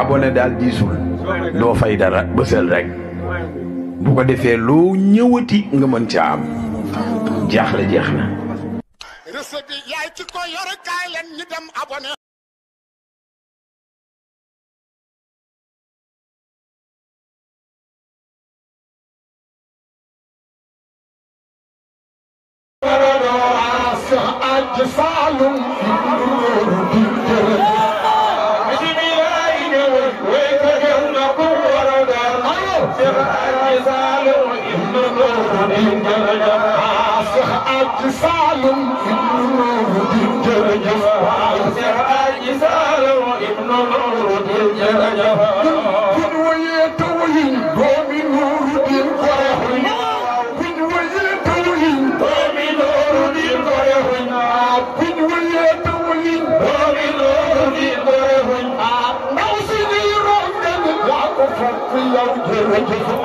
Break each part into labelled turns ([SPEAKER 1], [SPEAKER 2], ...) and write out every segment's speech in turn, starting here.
[SPEAKER 1] abonné daal diisul doo fay dara bësal rek bu ko defee loo ñëwati nga mën am recette yaay ci ko ñi dem हा साल Bismillah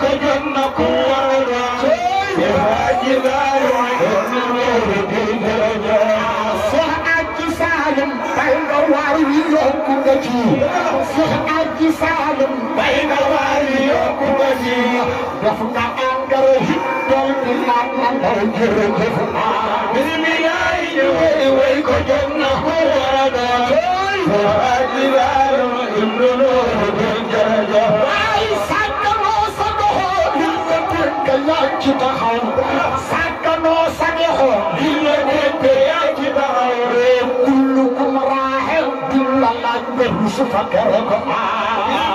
[SPEAKER 1] ko jot na ku waral te Haaji Laay ci Seex Aji Saalum bay nga waari yokku nga ci def nga engrais yi doon di laaj na ndaw jërëjëf naa mbir mi yaay ñëwee way ko jot na ko war a doon Seex Aji Saalum indonoo doon jërëjëf yaa ci taxaw sàgganoo sagexoo bi la dégg yaa ci taxaw ree kullukum raaxe di la laaj nga rusu fa kere ko aa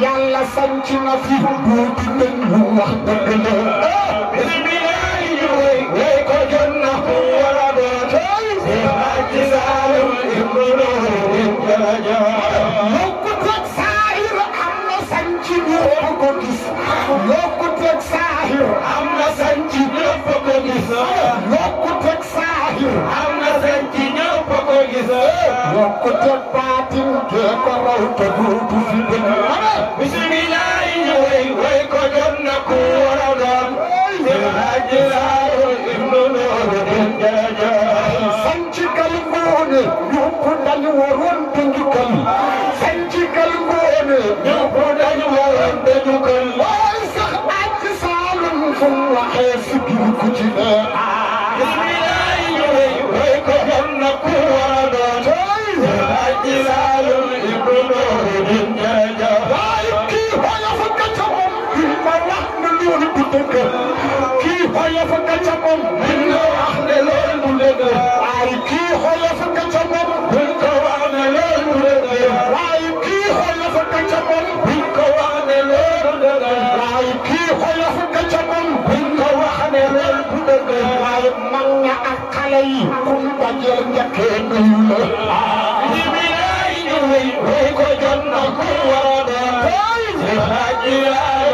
[SPEAKER 1] yàlla sant na fi. boo di mel wax dëgg la. yokk ca baatin kee ko raw te duutu fi gën bismillahi way way ko na ku war a doon te haaji laarul ibnu nooru den jaajaa sanci kal ngoone ñu ko dal waroon te njukkal dëgg kii xoolee fa ka ca moom buñ la wax ne loolu du dëgg waaye kii xoolee fa ka ca moom buñ ko wax ne loolu du dëgg waaye kii xoolee fa ka ca moom buñ ko wax ne loolu du dëgg waaye kii xoolee fa ka ca moom buñ ko wax ne loolu du dëgg waaye mag ña ak xale yi ku dajeel njëkkee nuyu la không jot na ku war a doon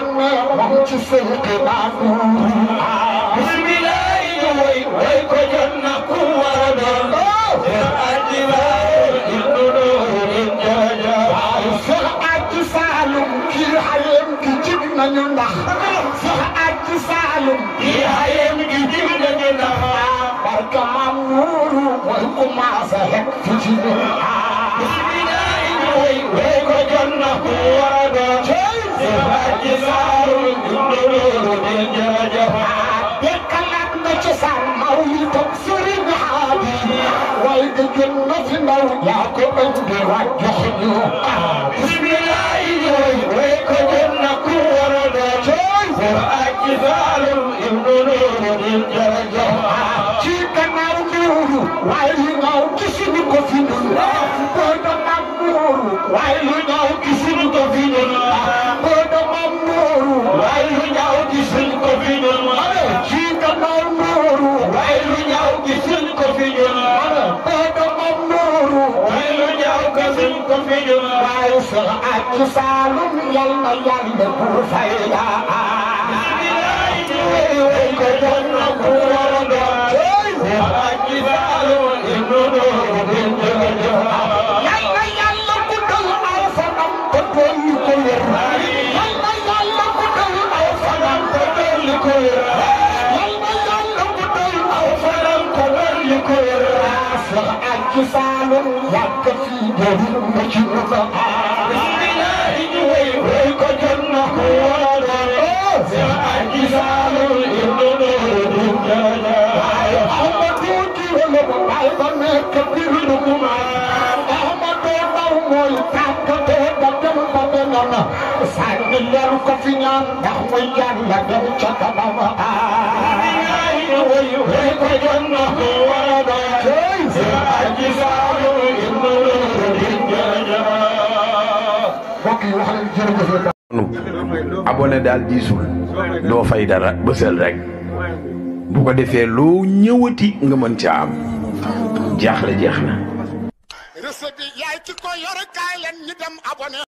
[SPEAKER 1] ne moom ci sëñ bi baaxul. bisimilah yi woy woy ko jot na ku war a doon. Cheikh Aji Baye Ibnu Nuurin joojo. waaye Cheikh Aji Saalum kii xayem gi jig nañu ndax. Cheikh Aji Saalum. kii xayem gi jig nañu ndax. barka maam Nuuru woy ku maasa rek fi ci ñun. bisimilah yi woy woy ko jot na ku war dikkalat na ci sa mawlidam sëriñ Haadi way di gën fi ndaw yaa ko indi waaj jox ñu bismillahi way way ko gën na ku war a doon cooy war a ci saalum ibnu nuurin jërëjëf ci gannaaw nuuru waaye li ngaw gisuñu ko fi nuuru boo gannaaw nuuru waaye xa được gidin bayısı Akı salın yanına yandı Bursa'ya Akı salın yakıt لارو کفنان دغه یان لا دغه چا تا ما آ وای وای وای کو جنہ abonné daal diisul doo fay dara bësal rek bu ko defee loo ñëwati nga mën ca am jaaxle jeex na. ci ko yor kaay leen ñu dem